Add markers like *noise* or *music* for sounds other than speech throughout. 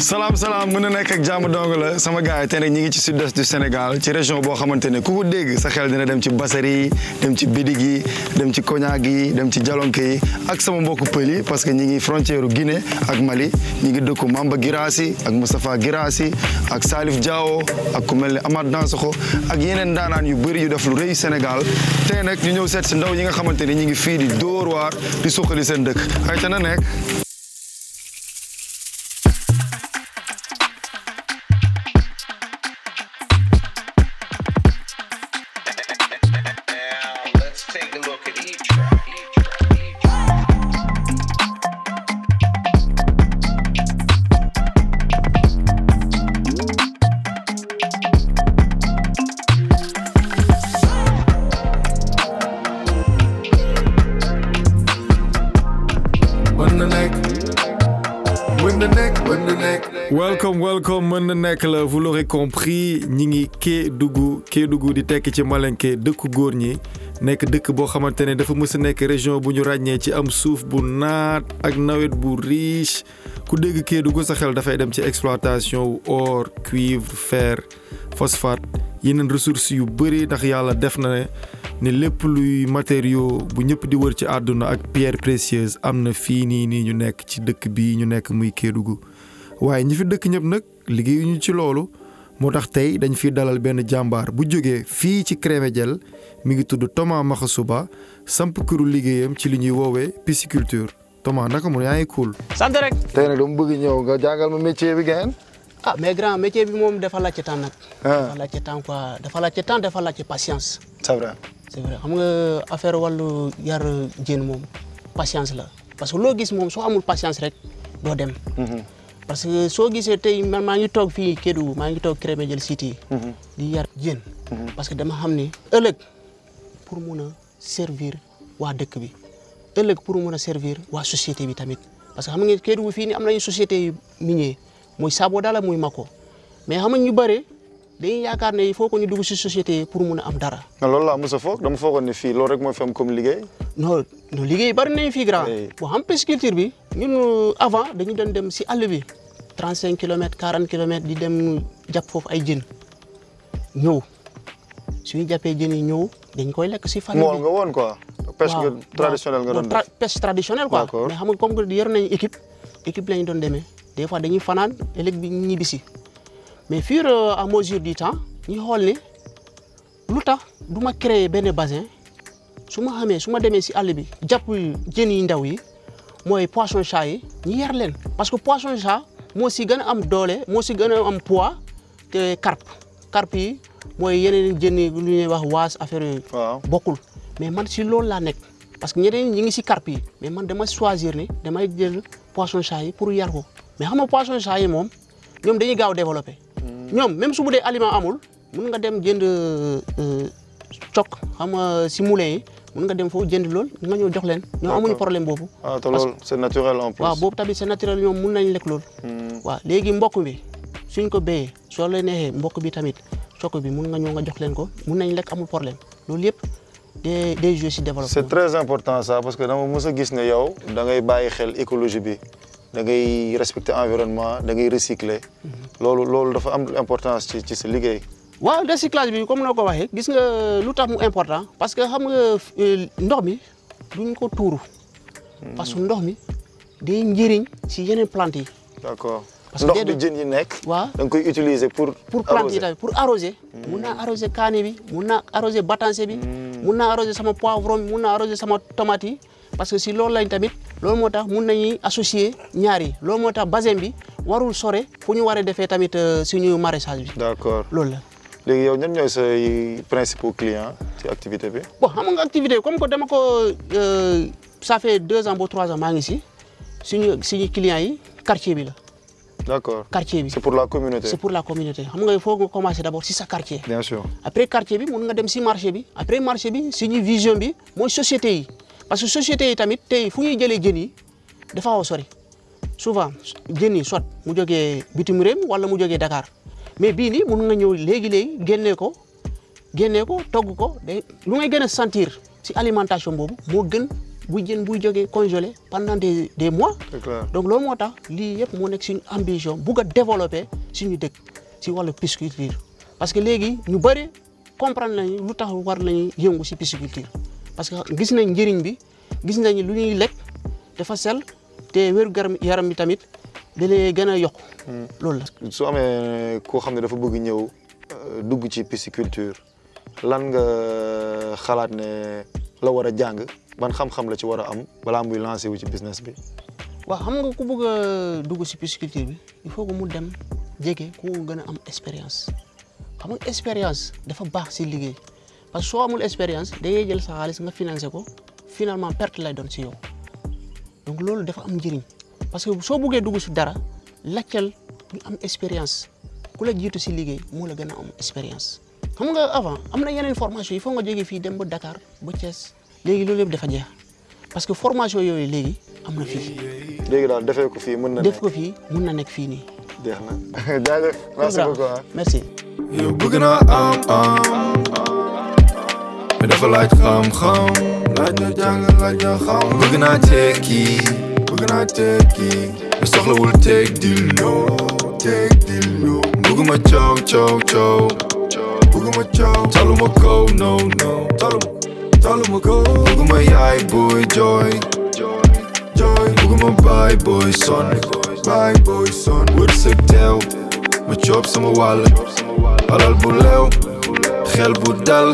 salaam salaam mën na nekk ak jàmm dong la sama gars yi tey nag ngi ci sud-est du Sénégal ci région boo xamante ne ku ko dégg sa xel dina dem ci Bassari dem ci Bidig yi dem ci Cognac yi dem ci Jalonke yi ak sama mbokku pël yi parce que ñi ngi frontière Guinée ak Mali ñi ngi dëkku Mamba Girassi ak Moustapha Girassi ak Salif Diao ak ku mel ne Amath Dansokho ak yeneen daanaan yu bëri yu def lu rëy Sénégal tey nag ñu ñëw seet si ndaw yi nga xamante ne ñi ngi fii di dóor waar di suqali seen dëkk ay ta welcome welcome mën na nekk la vous l'aurez compris ñi ngi Kédougou Kédougou di tekk ci malenke dëkku góor ñi nekk dëkk boo xamante ne dafa mës nekk région bu ñu ràññee ci am suuf bu naat ak nawet bu riche ku dégg Kédougou sa xel dafay dem ci exploitation wu or cuivre fer phosphate yeneen ressources yu bëri ndax yàlla def na ne lépp luy matériaux bu ñëpp di wër ci àdduna ak pierre précieuse am na fii nii nii ñu nekk ci dëkk bii ñu nekk muy Kédougou waaye ñu fi dëkk ñëpp nag liggéeyuñu ci loolu moo tax tey dañu fi dalal benn jàmbaar bu jógee fii ci Crémédiel mi ngi tudd Thomas Makhasouba samp këru liggéeyam ci li ñuy woowee pisciculture Thomas naka mu yaa ngi cool. sant rek. tey nag dama bëgg ñëw nga jàngal ma métier bi ngeen. ah mais grand métier bi moom dafa laajte temps nag. Ah. dafa laajte temps quoi dafa laajte temps dafa laajte patience. c'est vrai. c'est vrai xam nga affaire wàllu yar jën moom patience la parce que loo gis moom soo amul patience rek doo dem. Mm-hmm. parce que soo gisee tey man maa ngi toog fii Kédougou maa ngi toog jël City. Mhm. di yar jën. Mhm. parce que dama xam ni ëllëg pour mun a servir waa dëkk bi ëllëg pour mun a servir waa societé bi tamit parce que xam nga Kédougou fii nii am nañu société yu minier muy Sabodala la muy Mako mais xam nga ñu bëri dañuy yaakaar ne il faut que si societé pour mun am dara. Ah, loolu laa mos a foog dama foogoon ne fii loolu rek mooy fi am liggéey. non liggéey bari nañu fii grand. boo xam pisciculture bi. ñun avant dañu doon dem si àll bi trente cinq kilomètres quarante kilomètres di dem jàpp foofu ay jën ñëw suñu jàppee jën yi ñëw dañ koy lekk si fan bi nga woon quoi. pêche traditionnelle nga doon def pêche traditionnelle quoi. xam nga comme yor nañu équipe équipe lañu doon deme des fois dañuy fanaan ëllëg bi ñibbisi mais fur et à mesure du temps ñu xool ni lu tax du ma créer benn basin su ma xamee su ma demee si àll bi jàpp jën yi ndaw yi. mooy poisson chat yi ñu yar leen parce que poisson chat moo si gën am doole moo si gën a am poids te carpe carpe mooy yeneen jën yi ñuy wax waas affaire yooyu. bokkul mais man si loolu laa nekk. parce que ñeneen ñi ngi si carpe yi mais man dama choisir ne damay jël poisson chat yi pour yar ko mais xam nga poisson chat yi moom ñoom dañuy gaaw développé. Hmm. ñoom même su bu dee aliment amul mun nga dem jënd euh, euh, cok xam nga si moulin yi. mun nga dem foofu jënd lool nga ñëw jox leen. ñoom amuñu boobu. ah te loolu c'est boobu tamit c'est naturel ñoom mun nañ lekk lool. Hmm. waaw léegi mboq bi suñ ko béyee soo la neexee mbokk bi tamit soko bi mun nga ñëw nga jox leen ko mun nañ lekk amul problème loolu yëpp de des jeux si développement. c'est très important ça parce que dama mës a gis ne yow da ngay bàyyi xel écologie bi da ngay respecter environnement da ngay recycler. Mhm. loolu loolu dafa am importance ci ci sa liggéey. waaw recyclage bi comme noo ko waxee gis nga lu tax mu important parce que xam nga euh, ndox mi duñ ko tuuru. Hmm. parce que ndox mi day njëriñ si yeneen plante yi. d'accord parce que ndox bi jën yi nekk. waaw da nga koy utiliser pour. pour plante yi tamit pour hmm. arroser. kaani bi mun naa arroser batanse bi. Hmm. mun naa arroser sama poivron bi mun naa arroser sama tomate yi parce que si loolu lañ tamit loolu moo tax mun nañuy associer ñaar yi loolu moo tax bassin bi warul sore fu ñu waree defee tamit euh, suñu maraîchage bi. d'accord loolu la. léegi yow ñan ñooy say principaux clients ci activité bi. bon xam nga activité comme que dama ko euh, ça fait deux ans ba trois ans maa ngi si suñu suñu clients yi quartier bi la. d' accord quartier bi. c' est pour la communauté c' pour la communauté xam nga il faut nga commencer d' abord si sa quartier. bien sûr après quartier bi mun nga dem si marché bi après marché bi suñu vision bi mooy société yi parce que société yi tamit tey fu ñuy jëlee jën yi dafa xaw a sori souvent jën yi soit mu jógee bitim réew wala mu jógee Dakar. mais bii nii mun nga ñëw léegi léegi génnee ko génnee ko togg ko day lu ngay gën a sentir si alimentation boobu moo gën buy jën buy jógee congelé pendant des des mois. donc loolu moo tax lii yëpp moo nekk suñu ambition bugg a développer suñu dëkk si wàllu pisciculture. parce que léegi ñu bëri comprendre nañu lu tax war nañu yëngu si pisciculture parce que gis nañ njëriñ bi gis nañ lu ñuy lekk dafa sel te wér-gu-yaram bi tamit. da lay gën a yokk. Hmm. loolu la. su amee ko xam ne dafa bëgg ñëw euh, dugg ci pisciculture lan nga xalaat ne la war a jàng ban xam-xam la ci war a am balaa muy lancé wu ci business bi. waa xam nga ku bëgg a dugg si pisciculture bi il faut que mu dem jege ku gën a am expérience xam nga expérience dafa baax si liggéey parce que soo amul expérience da ngay jël sa xaalis nga financé ko finalement perte lay doon si yow donc loolu dafa am njëriñ. parce que soo buggee dugg si dara laajteel ñu am expérience ku la jiitu si liggéey moo la gën a am expérience. xam nga avant am na yeneen formation yi foog nga jógee fii dem ba Dakar ba Thiès léegi loolu yëpp dafa jeex parce que formation yooyu léegi am na fii. léegi daal defee ko fii mën na def ko fii mën na nekk fii nii. jeex na *laughs* jaajëf merci ah. bëgg naa am am mais dafa bëgg naa tekki mais soxlawul teg di loo teg di loo bëgguma coow coow coow bëgguma coow taluma kaw no no taluma taluma kaw bëgguma yaay booy jooy jooy bëgguma baay booy son baay booy son wërsëg teew ma coob sama wàll alal bu leew xel bu dal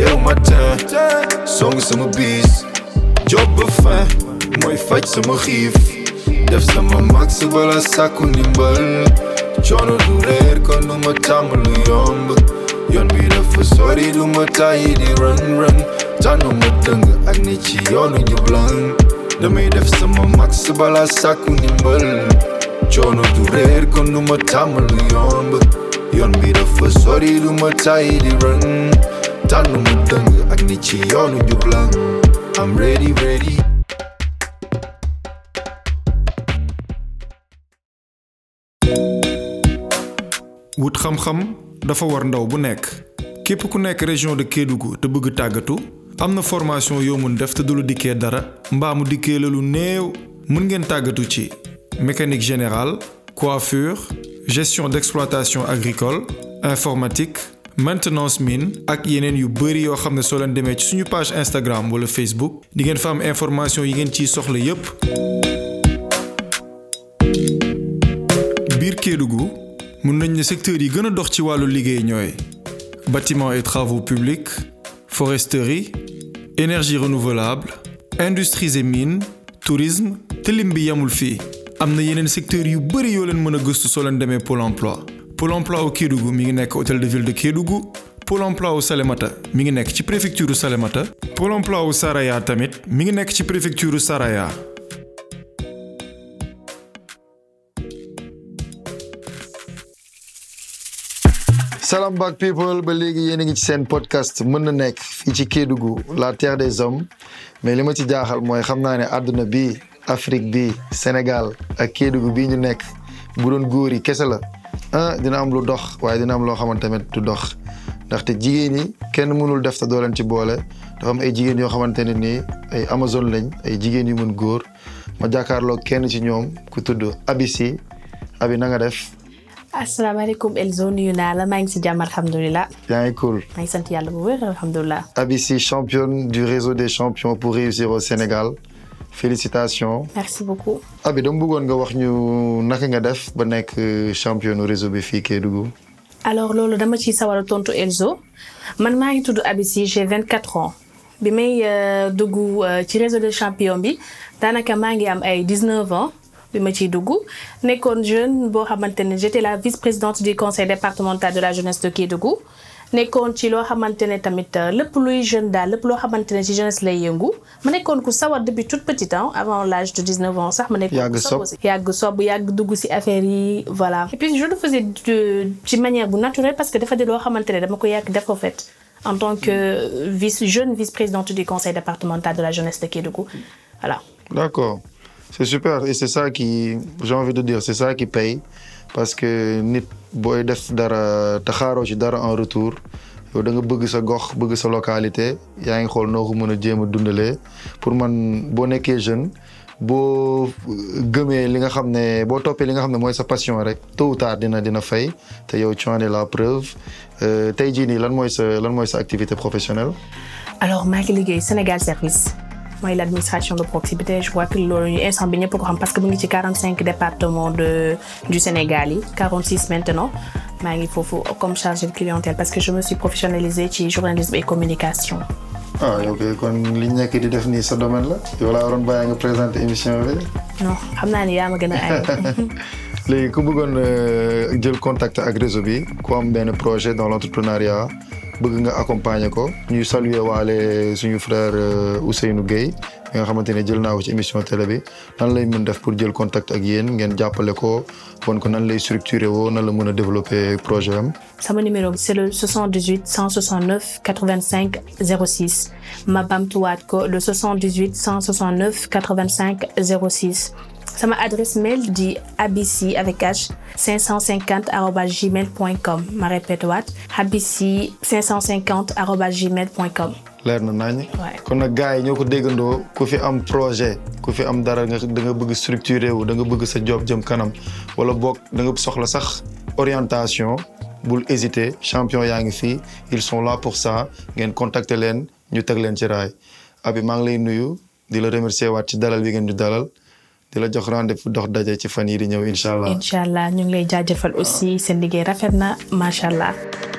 yeew matin song sama biis faj sama xiif def sama max bala sàkku ndimbal coono du reer kon du tàmm lu yomb yoon bi dafa sori du ma tàyyi di run run tànnu ma ak ni ci yoonu jublan damay def sama max bala sàkku ndimbal coono du reer kon du ma tàmm lu yomb yoon bi dafa sori du ma tàyyi di run tànnu ma ak ni ci yoonu jublan I'm ready, ready. wut xam-xam dafa war ndaw bu nekk képp ku nekk région de Kédougou te bëgg tàggatu am na formation yoo mun def te du lu dikkee dara mbaamu mu dikkee la lu néew mën ngeen tàggatu ci mécanique générale coiffure gestion d'exploitation agricole informatique maintenance mine ak yeneen yu bëri yoo xam ne soo leen demee ci suñu page Instagram wala Facebook di ngeen fa am information yi ngeen ciy soxla yépp mën nañ ne secteurs yi gën a dox ci wàllu liggéey ñooy bâtiment et travaux publics foresterie énergie renouvelable industries et mines tourisme te lim bi yamul fii am na yeneen secteurs yu bëri yoo leen mën a gëstu soo leen demee pôle emploi pôle emploi au Kédougou mi ngi nekk hôtel de ville de Kédougou pôle emploi au Salémata mi ngi nekk ci préfecture u Salémata pôle emploi au Saraya tamit mi ngi nekk ci préfecture u Saraya salaam back people ba léegi yéen a ngi ci seen podcast mën na nekk fii ci Kédougou la terre des hommes mais li ma ci jaaxal mooy xam naa ne adduna bi Afrique bi Sénégal ak kéedugu bii ñu nekk bu doon góor yi kese la ah dina am lu dox waaye dina am loo xamante tamit du dox ndaxte jigéen ñi kenn mënul def te doo ci boole dafa am ay jigéen yoo xamante ne nii ay Amazone lañ ay jigéen yu mën góor ma jàkkaarloo kenn ci ñoom ku tudd Abi Sy Abi na nga def. asalaamaaleykum Elzo nuyu naa la maa ngi si jàmm alhamdulilah. yaa ngi cool. maa sant yàlla bu wér alhamdulilah. ABC championne du réseau de champions pour réussir au Sénégal félicitations. merci beaucoup. Abi dama bëggoon nga wax ñu naka nga def ba nekk euh, championne réseau bi fii Kédougou. alors loolu dama ciy sawar tontu Elzo man maa ngi tudd ABC j'ai 24 ans. bi may euh, dugg euh, ci réseau de champions bi daanaka maa ngi am ay 19 ans. bi ma ciy dugg nekkoon jeune boo xamante ne j'étais la vice-présidente du conseil départemental de la jeunesse de Kédougou nekkoon ci loo xamante ne tamit euh, lépp luy jeune daal lépp loo xamante ne ci jeunesse lay yëngu ma nekkoon ku sawar depuis toute petite temps avant l'âge de 19 ans sax ma nekkoon yàgg sob yàgg sob dugg ci affaire yi voilà et puis je le faisais ci manière bu naturelle parce que dafa di loo xamante ne dama ko yàgg def ko fait en tant que euh, vice jeune vice-présidente du conseil départemental de la jeunesse de c'est super et c'est ça qui j'ai envie de dire c'est ça qui paye parce que nit booy def dara te xaaroo ci dara en retour yow da nga bëgg sa gox bëgg sa localité yaa ngi xool noo ko mën a jéem a dundalee pour man boo nekkee jeune boo gëmee li nga xam ne boo toppee li nga xam ne mooy sa passion rek tôt ou tard dina dina fay te yow tu en es la preuve euh, tey jii nii lan mooy sa lan mooy sa activité professionnelle. alors maa ngi liggéey Sénégal Service. mooy l' administration de proximité je vois que loolu ñu instant bi ñëpp ko xam parce que mu ngi ci maa ngi foofu comme chargé de que je me suis professionnalisée ci journalisme et ah, kon li ñu nekk di def nii sa domaine la yow laa waroon bàyyi bi. xam naa ni yaa ma gën a ay. *laughs* ku bëggoon euh, jël contact ak bi ku benn projet dans l' bëgg nga accompagner ko ñuy saluer waale suñu frère euh, Ousseynou Gueye mi nga xamante ne jël naa ko ci émission télé bi nan lay mën def pour jël contact ak yéen ngeen jàppale ko won ko nan lay structuré woo nan la mën a développer projet am. sama numéro c'est le 78 169 85 06 ma bamtuwaat ko le 78 169 85 06. sama adresse mail di abc avec h 550 arroba gmail point com ma répète waat abc 550 arroba gmail point com. leer na nañ. kon nag gars yi ñoo ko déggandoo ku fi am projet ku fi am dara nga da bëgg structuré wu da nga bëgg sa job jëm kanam wala book da nga soxla sax orientation bul hésiter champion yaa ngi fii ils sont là pour ça ngeen contacter leen ñu teg leen ci raay abi maa ngi lay nuyu di la remercier waat ci dalal bi ngeen ñu dalal. di la jox rendez-vous dox daje ci fan yii di ñëw incha allah. incha allah ñu ngi lay jaajëfal aussi seen liggéey rafet na macha allah.